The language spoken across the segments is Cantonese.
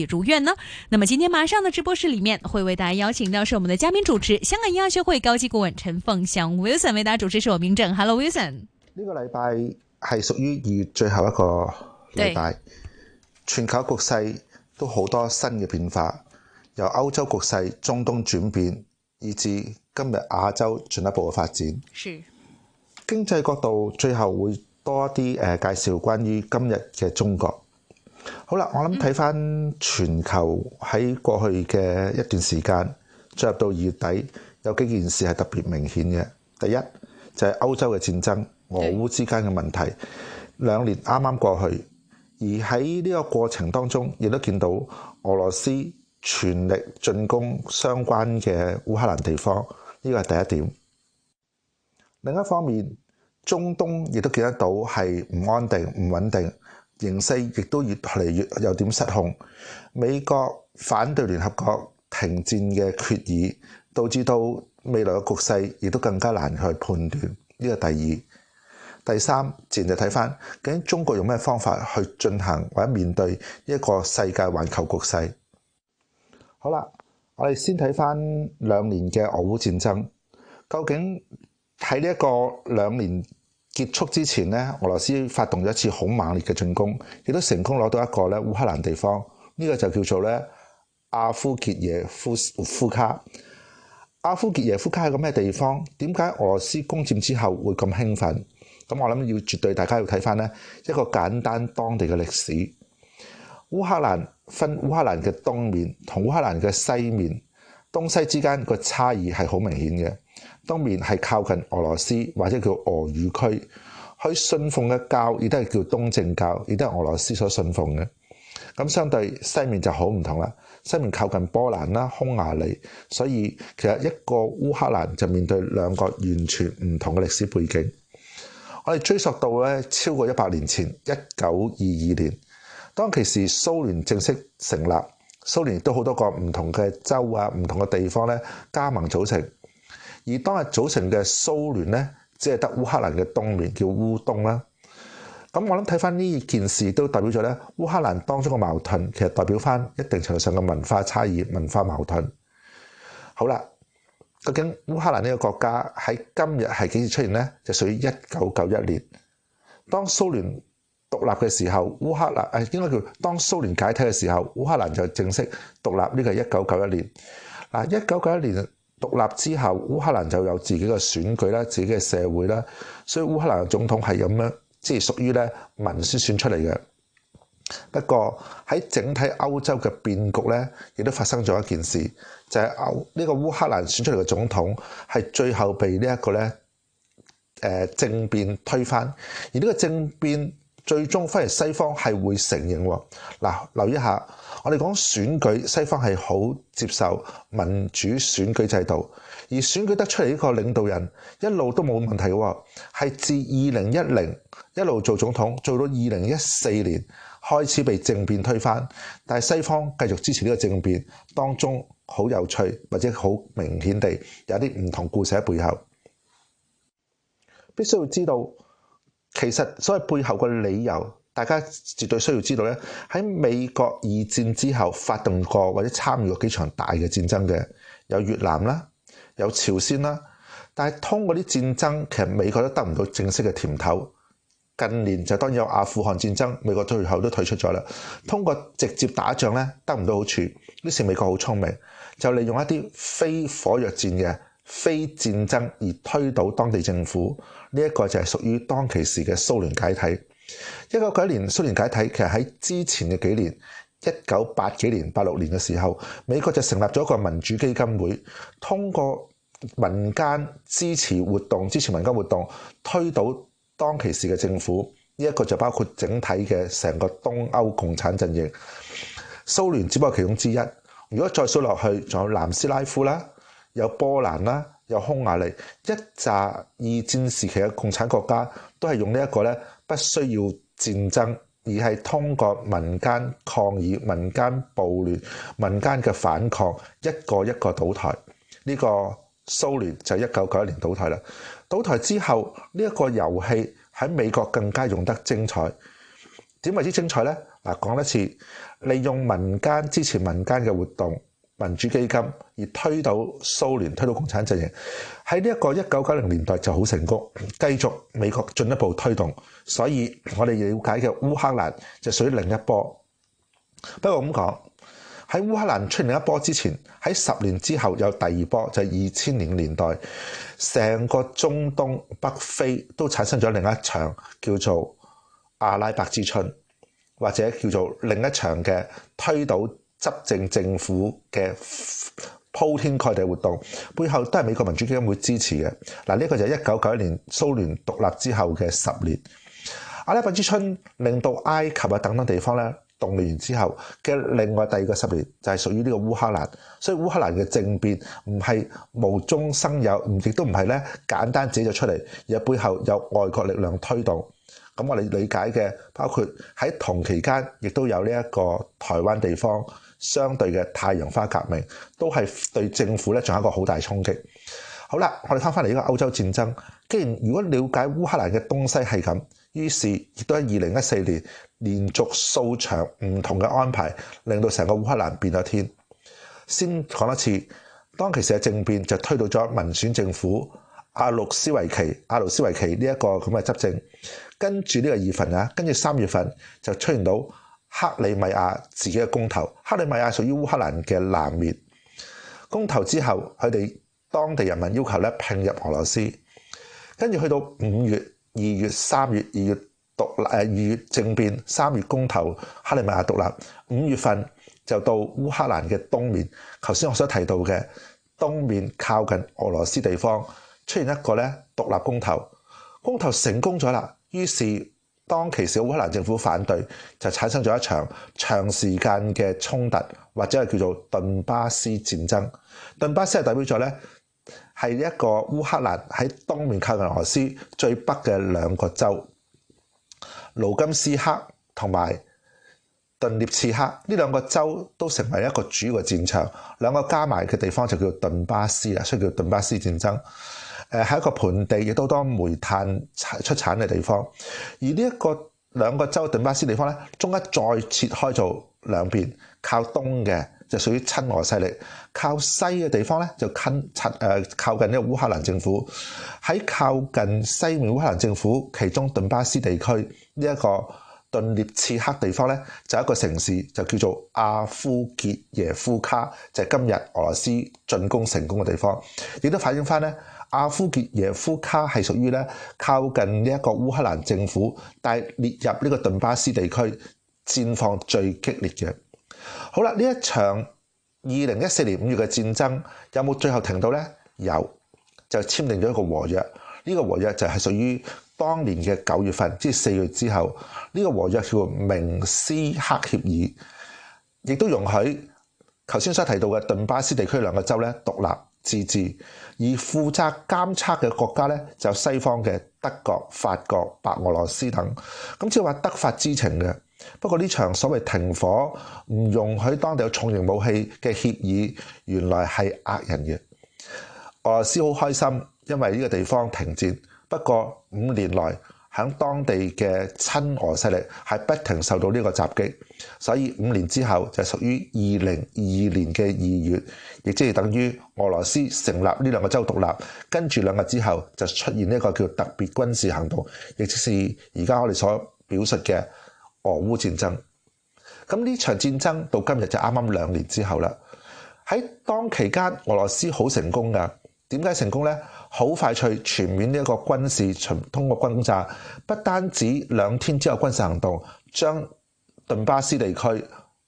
也如願呢？那麼今天馬上的直播室裏面會為大家邀請到是我們的嘉賓主持，香港醫學會高級顧問陳鳳翔 Wilson 為大家主持，是我名正。Hello，Wilson。呢個禮拜係屬於二月最後一個禮拜，對全球局勢都好多新嘅變化，由歐洲局勢、中東轉變，以至今日亞洲進一步嘅發展。是經濟角度，最後會多一啲誒介紹關於今日嘅中國。好啦，我諗睇翻全球喺過去嘅一段時間，進入到二月底，有幾件事係特別明顯嘅。第一就係歐洲嘅戰爭，俄烏之間嘅問題，兩年啱啱過去，而喺呢個過程當中，亦都見到俄羅斯全力進攻相關嘅烏克蘭地方，呢個係第一點。另一方面，中東亦都見得到係唔安定、唔穩定。形勢亦都越嚟越有點失控，美國反對聯合國停戰嘅決議，導致到未來嘅局勢亦都更加難去判斷。呢個第二、第三，自然就睇翻究竟中國用咩方法去進行或者面對一個世界環球局勢。好啦，我哋先睇翻兩年嘅俄烏戰爭，究竟喺呢一個兩年，結束之前咧，俄羅斯發動咗一次好猛烈嘅進攻，亦都成功攞到一個咧烏克蘭地方。呢個就叫做咧阿夫傑耶夫夫卡。阿夫傑耶夫卡係個咩地方？點解俄羅斯攻佔之後會咁興奮？咁我諗要絕對大家要睇返呢一個簡單當地嘅歷史。烏克蘭分烏克蘭嘅東面同烏克蘭嘅西面，東西之間個差異係好明顯嘅。東面係靠近俄羅斯，或者叫俄語區，佢信奉嘅教亦都係叫東正教，亦都係俄羅斯所信奉嘅。咁相對西面就好唔同啦，西面靠近波蘭啦、匈牙利，所以其實一個烏克蘭就面對兩個完全唔同嘅歷史背景。我哋追溯到咧，超過一百年前，一九二二年，當其時蘇聯正式成立，蘇聯亦都好多個唔同嘅州啊、唔同嘅地方咧加盟組成。而當日組成嘅蘇聯呢，只係得烏克蘭嘅東面，叫烏東啦。咁我諗睇翻呢件事，都代表咗咧烏克蘭當中嘅矛盾，其實代表翻一定程度上嘅文化差異、文化矛盾。好啦，究竟烏克蘭呢個國家喺今日係幾時出現呢？就屬於一九九一年，當蘇聯獨立嘅時候，烏克蘭誒應該叫當蘇聯解體嘅時候，烏克蘭就正式獨立。呢個係一九九一年。嗱、啊，一九九一年。獨立之後，烏克蘭就有自己嘅選舉啦，自己嘅社會啦，所以烏克蘭嘅總統係咁樣，即係屬於咧民選選出嚟嘅。不過喺整體歐洲嘅變局咧，亦都發生咗一件事，就係歐呢個烏克蘭選出嚟嘅總統係最後被呢一個咧誒政變推翻，而呢個政變最終反而西方係會承認喎。嗱，啊，留意一下。我哋講選舉，西方係好接受民主選舉制度，而選舉得出嚟呢個領導人一路都冇問題嘅喎、哦，係自二零一零一路做總統，做到二零一四年開始被政變推翻，但係西方繼續支持呢個政變，當中好有趣或者好明顯地有啲唔同故事喺背後，必須要知道其實所謂背後嘅理由。大家絕對需要知道咧，喺美國二戰之後發動過或者參與過幾場大嘅戰爭嘅，有越南啦，有朝鮮啦。但係通過啲戰爭，其實美國都得唔到正式嘅甜頭。近年就當然有阿富汗戰爭，美國最後都退出咗啦。通過直接打仗咧，得唔到好處，於是美國好聰明，就利用一啲非火藥戰嘅非戰爭而推倒當地政府。呢一個就係屬於當其時嘅蘇聯解體。一九九一年蘇聯解體，其實喺之前嘅幾年，一九八幾年、八六年嘅時候，美國就成立咗一個民主基金會，通過民間支持活動、支持民間活動，推倒當其時嘅政府。呢一個就包括整體嘅成個東歐共產陣營，蘇聯只不過係其中之一。如果再數落去，仲有南斯拉夫啦，有波蘭啦。有匈牙利一紮二戰時期嘅共產國家都係用呢一個咧，不需要戰爭，而係通過民間抗議、民間暴亂、民間嘅反抗，一個一個倒台。呢個蘇聯就一九九一年倒台啦。倒台之後呢一個遊戲喺美國更加用得精彩。點為之精彩咧？嗱，講一次，利用民間支持民間嘅活動。民主基金而推倒蘇聯推倒共產陣營，喺呢一個一九九零年代就好成功。繼續美國進一步推動，所以我哋瞭解嘅烏克蘭就屬於另一波。不過，咁講喺烏克蘭出現另一波之前，喺十年之後有第二波，就係二千年年代，成個中東北非都產生咗另一場叫做阿拉伯之春，或者叫做另一場嘅推倒。執政政府嘅鋪天蓋地活動，背後都係美國民主基金會支持嘅。嗱，呢個就係一九九一年蘇聯獨立之後嘅十年。阿拉伯之春令到埃及啊等等地方咧動亂之後嘅另外第二個十年，就係屬於呢個烏克蘭。所以烏克蘭嘅政變唔係無中生有，唔亦都唔係咧簡單指咗出嚟，而係背後有外國力量推動。咁我哋理解嘅，包括喺同期間亦都有呢一個台灣地方。相對嘅太陽花革命都係對政府咧，仲有一個好大衝擊。好啦，我哋翻翻嚟呢個歐洲戰爭。既然如果了解烏克蘭嘅東西係咁，於是亦都喺二零一四年連續數場唔同嘅安排，令到成個烏克蘭變咗天。先講一次，當其時嘅政變就推到咗民選政府阿魯斯維奇，阿魯斯維奇呢一個咁嘅執政。跟住呢個二月份啊，跟住三月份就出現到。克里米亞自己嘅公投，克里米亞屬於烏克蘭嘅南面。公投之後，佢哋當地人民要求咧併入俄羅斯。跟住去到五月、二月、三月、二月獨立，誒二月政變，三月公投，克里米亞獨立。五月份就到烏克蘭嘅東面，頭先我想提到嘅東面靠近俄羅斯地方出現一個咧獨立公投，公投成功咗啦，於是。當其時烏克蘭政府反對，就產生咗一場長時間嘅衝突，或者係叫做頓巴斯戰爭。頓巴斯係代表咗咧，係一個烏克蘭喺東面靠近俄羅斯最北嘅兩個州——盧甘斯克同埋頓涅茨克，呢兩個州都成為一個主要嘅戰場。兩個加埋嘅地方就叫做頓巴斯啦，所以叫頓巴斯戰爭。誒係一個盆地，亦都多煤炭出產嘅地方。而呢一個兩個州頓巴斯地方咧，中間再切開做兩邊，靠東嘅就屬於親俄勢力，靠西嘅地方咧就親親誒靠近呢個烏克蘭政府。喺靠近西面烏克蘭政府其中頓巴斯地區呢一、這個頓涅茨克地方咧，就一個城市就叫做阿夫傑耶夫卡，就係、是、今日俄羅斯進攻成功嘅地方，亦都反映翻咧。阿夫杰耶夫卡係屬於咧靠近呢一個烏克蘭政府，但係列入呢個頓巴斯地區戰況最激烈嘅。好啦，呢一場二零一四年五月嘅戰爭有冇最後停到呢？有，就簽訂咗一個和約。呢、這個和約就係屬於當年嘅九月份，即係四月之後。呢、這個和約叫做明斯克協議，亦都容許頭先所提到嘅頓巴斯地區兩個州咧獨立。自治，而負責監測嘅國家咧就西方嘅德國法國、白俄羅斯等，咁即係話德法之情嘅。不過呢場所謂停火唔容許當地有重型武器嘅協議原來係呃人嘅。俄羅斯好開心，因為呢個地方停戰不過五年來，喺當地嘅親俄勢力係不停受到呢個襲擊，所以五年之後就屬於二零二二年嘅二月，亦即係等於俄羅斯成立呢兩個州獨立。跟住兩個之後就出現呢個叫特別軍事行動，亦即是而家我哋所表述嘅俄烏戰爭。咁呢場戰爭到今日就啱啱兩年之後啦。喺當期間，俄羅斯好成功㗎。點解成功呢？好快脆全面呢一個軍事，從通過轟炸，不單止兩天之後軍事行動將頓巴斯地區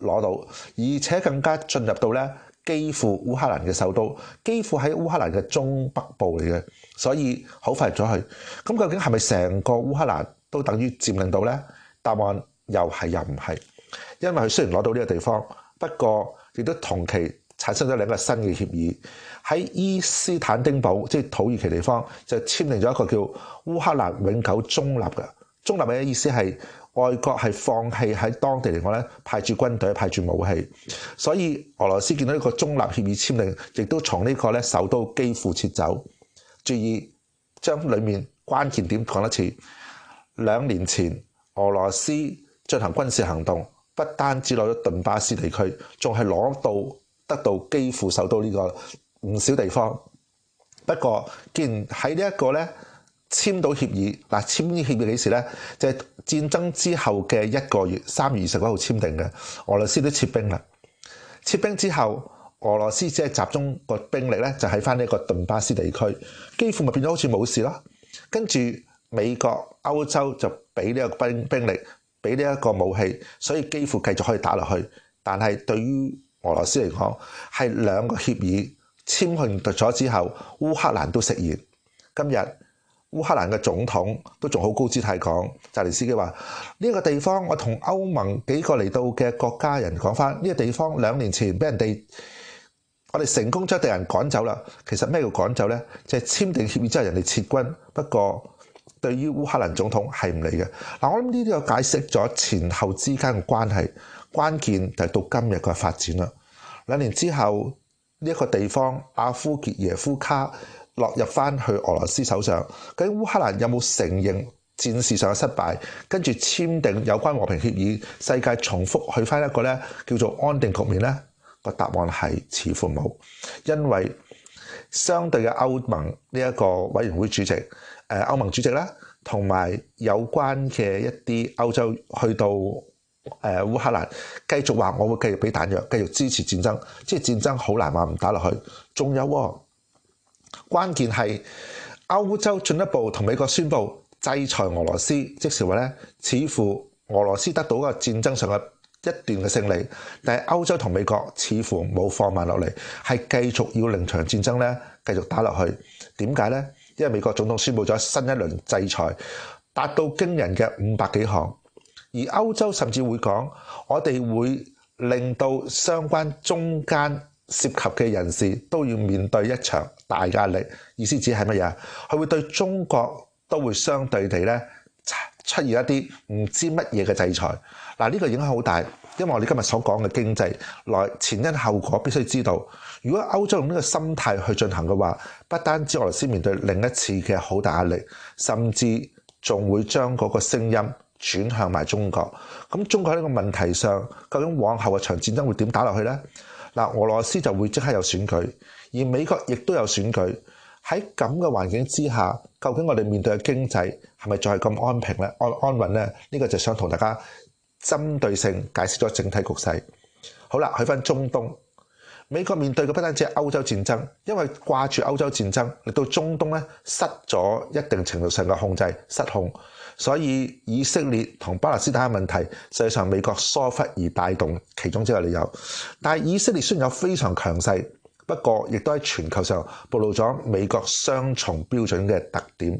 攞到，而且更加進入到咧幾乎烏克蘭嘅首都，幾乎喺烏克蘭嘅中北部嚟嘅，所以好快入咗去。咁究竟係咪成個烏克蘭都等於佔領到呢？答案又係又唔係，因為佢雖然攞到呢個地方，不過亦都同期產生咗兩個新嘅協議。喺伊斯坦丁堡，即係土耳其地方，就簽訂咗一個叫烏克蘭永久中立嘅，中立嘅意思係外國係放棄喺當地嚟講咧，派住軍隊派住武器。所以俄羅斯見到呢個中立協議簽訂亦都從呢個咧首都幾乎撤走。注意將裏面關鍵點講一次。兩年前俄羅斯進行軍事行動，不單止攞咗頓巴斯地區，仲係攞到得到幾乎首都呢個。唔少地方，不過既然喺呢一個咧簽到協議嗱、啊，簽呢個協議幾時咧？就係、是、戰爭之後嘅一個月，三月二十一號簽訂嘅。俄羅斯都撤兵啦，撤兵之後，俄羅斯只係集中個兵力咧，就喺翻呢一個頓巴斯地區，幾乎咪變咗好似冇事咯。跟住美國、歐洲就俾呢個兵兵力，俾呢一個武器，所以幾乎繼續可以打落去。但係對於俄羅斯嚟講，係兩個協議。簽完約咗之後，烏克蘭都食言。今日烏克蘭嘅總統都仲好高姿態講，澤列斯基話：呢、這個地方我同歐盟幾個嚟到嘅國家人講返，呢、這個地方兩年前俾人哋，我哋成功將敵人趕走啦。其實咩叫趕走呢？就係、是、簽訂協議之後，人哋撤軍。不過對於烏克蘭總統係唔嚟嘅。嗱、啊，我諗呢啲又解釋咗前後之間嘅關係。關鍵就係到今日嘅發展啦。兩年之後。呢一個地方阿夫傑耶夫卡落入翻去俄羅斯手上，究竟烏克蘭有冇承認戰事上嘅失敗？跟住簽訂有關和平協議，世界重複去翻一個咧叫做安定局面，呢個答案係似乎冇。因為相對嘅歐盟呢一個委員會主席，誒、呃、歐盟主席啦，同埋有關嘅一啲歐洲去到。誒，呃、烏克蘭繼續話我會繼續俾彈藥，繼續支持戰爭，即係戰爭好難話唔打落去。仲有、哦、關鍵係歐洲進一步同美國宣布制裁俄羅斯，即是話咧，似乎俄羅斯得到個戰爭上嘅一段嘅勝利，但係歐洲同美國似乎冇放慢落嚟，係繼續要令場戰爭咧繼續打落去。點解呢？因為美國總統宣布咗新一輪制裁，達到驚人嘅五百幾項。而歐洲甚至會講，我哋會令到相關中間涉及嘅人士都要面對一場大嘅壓力。意思指係乜嘢？佢會對中國都會相對地咧出現一啲唔知乜嘢嘅制裁。嗱，呢個影響好大，因為我哋今日所講嘅經濟來前因後果必須知道。如果歐洲用呢個心態去進行嘅話，不單止俄羅斯面對另一次嘅好大壓力，甚至仲會將嗰個聲音，轉向埋中國，咁中國喺呢個問題上，究竟往後嘅場戰爭會點打落去呢？嗱，俄羅斯就會即刻有選舉，而美國亦都有選舉。喺咁嘅環境之下，究竟我哋面對嘅經濟係咪再係咁安平呢、安安穩呢？呢個就想同大家針對性解釋咗整體局勢。好啦，去返中東。美國面對嘅不單止係歐洲戰爭，因為掛住歐洲戰爭，嚟到中東咧失咗一定程度上嘅控制、失控，所以以色列同巴勒斯坦問題，實際上美國疏忽而帶動其中一個理由。但係以色列雖然有非常強勢，不過亦都喺全球上暴露咗美國雙重標準嘅特點。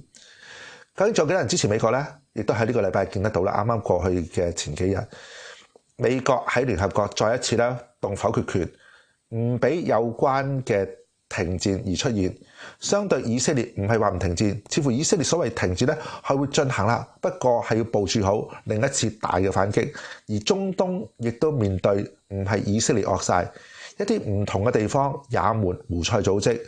究竟仲有幾多人支持美國呢？亦都喺呢個禮拜見得到啦。啱啱過去嘅前幾日，美國喺聯合國再一次咧動否決權。唔俾有關嘅停戰而出現，相對以色列唔係話唔停戰，似乎以色列所謂停戰咧係會進行啦，不過係要部署好另一次大嘅反擊。而中東亦都面對唔係以色列惡曬，一啲唔同嘅地方，也門胡塞組織、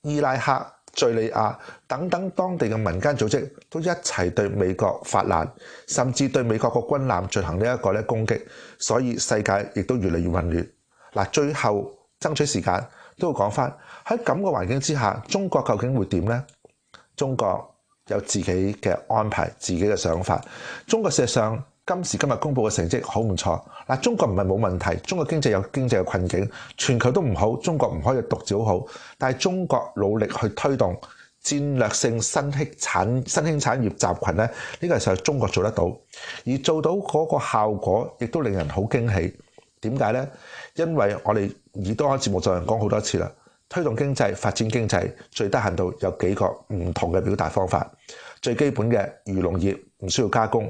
伊拉克、敘利亞等等當地嘅民間組織都一齊對美國發難，甚至對美國個軍艦進行呢一個咧攻擊，所以世界亦都越嚟越混亂。嗱，最後爭取時間都要講翻喺咁個環境之下，中國究竟會點呢？中國有自己嘅安排，自己嘅想法。中國事實上今時今日公佈嘅成績好唔錯。嗱，中國唔係冇問題，中國經濟有經濟嘅困境，全球都唔好，中國唔可以獨自好。但係中國努力去推動戰略性新興產新興產業集群咧，呢個係實在中國做得到，而做到嗰個效果亦都令人好驚喜。點解呢？因為我哋以多個節目就係講好多次啦。推動經濟發展經濟，最低限度有幾個唔同嘅表達方法。最基本嘅漁農業唔需要加工，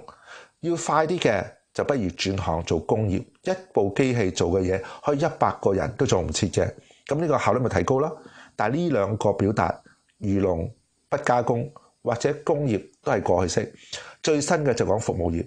要快啲嘅就不如轉行做工業。一部機器做嘅嘢，可以一百個人都做唔切嘅。咁呢個效率咪提高咯。但係呢兩個表達漁農不加工或者工業都係過去式。最新嘅就講服務業。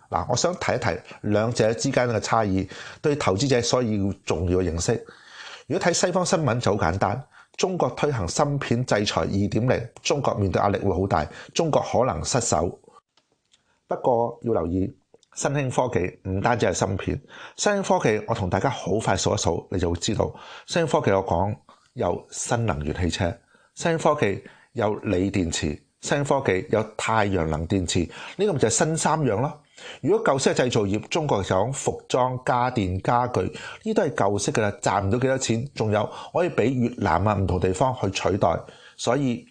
嗱，我想提一提兩者之間嘅差異，對投資者所以要重要嘅認識。如果睇西方新聞就好簡單，中國推行芯片制裁二點零，中國面對壓力會好大，中國可能失手。不過要留意，新興科技唔單止係芯片，新興科技我同大家好快數一數，你就會知道新興科技我講有新能源汽車，新興科技有鋰電池，新興科技有太陽能電池，呢個咪就係新三樣咯。如果舊式嘅製造業，中國就服裝、家電、家具，呢都係舊式嘅啦，賺唔到幾多錢。仲有可以俾越南啊，唔同地方去取代。所以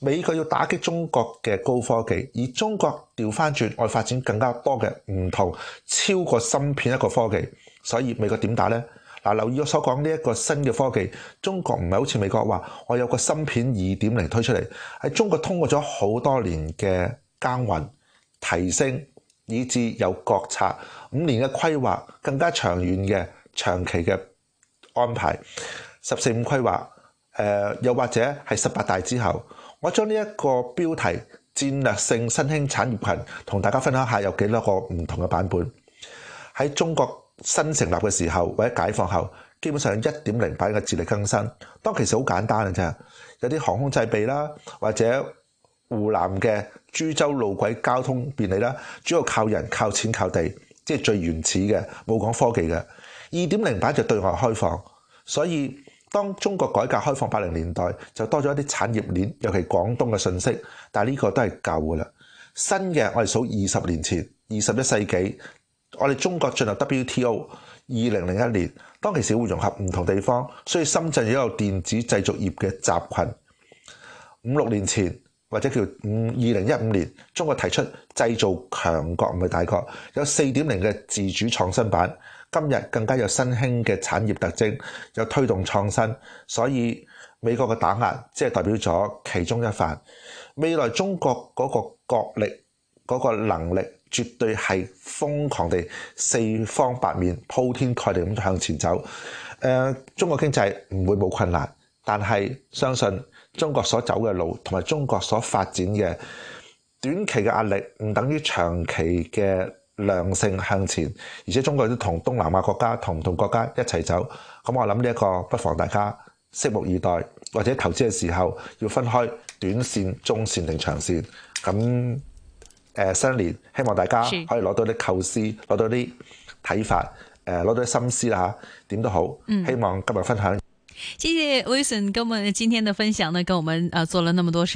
美國要打擊中國嘅高科技，而中國掉返轉我發展更加多嘅唔同，超過芯片一個科技。所以美國點打呢？嗱，留意我所講呢一個新嘅科技，中國唔係好似美國話我有個芯片二點零推出嚟，喺中國通過咗好多年嘅耕耘提升。以至有國策五年嘅規劃，更加長遠嘅、長期嘅安排。十四五規劃，誒、呃、又或者係十八大之後，我將呢一個標題戰略性新興產業群同大家分享下，有幾多個唔同嘅版本。喺中國新成立嘅時候或者解放後，基本上一點零版嘅自力更生。當其實好簡單嘅啫，有啲航空製備啦，或者。湖南嘅株洲路軌交通便利啦，主要靠人、靠錢、靠地，即係最原始嘅，冇講科技嘅二點零版就對外開放。所以當中國改革開放八零年代就多咗一啲產業鏈，尤其廣東嘅信息。但係呢個都係舊噶啦，新嘅我哋數二十年前二十一世紀，我哋中國進入 WTO 二零零一年，當其時會融合唔同地方，所以深圳亦有電子製造業嘅集群五六年前。或者叫五二零一五年，中國提出製造強國，唔係大國有四點零嘅自主創新版。今日更加有新興嘅產業特徵，有推動創新。所以美國嘅打壓，即係代表咗其中一環。未來中國嗰個角力嗰、那個能力，絕對係瘋狂地四方八面、鋪天蓋地咁向前走。誒、呃，中國經濟唔會冇困難，但係相信。中國所走嘅路，同埋中國所發展嘅短期嘅壓力，唔等於長期嘅良性向前。而且中國都同東南亞國家、同唔同國家一齊走。咁我諗呢一個，不妨大家拭目以待，或者投資嘅時候要分開短線、中線定長線。咁誒、呃，新一年希望大家可以攞到啲構思，攞是到啲睇法，誒、呃，攞到啲心思啦吓。點、啊、都好，希望今日分享。謝謝威森跟我們今天的分享呢，跟我們啊、呃、做了那麼多事。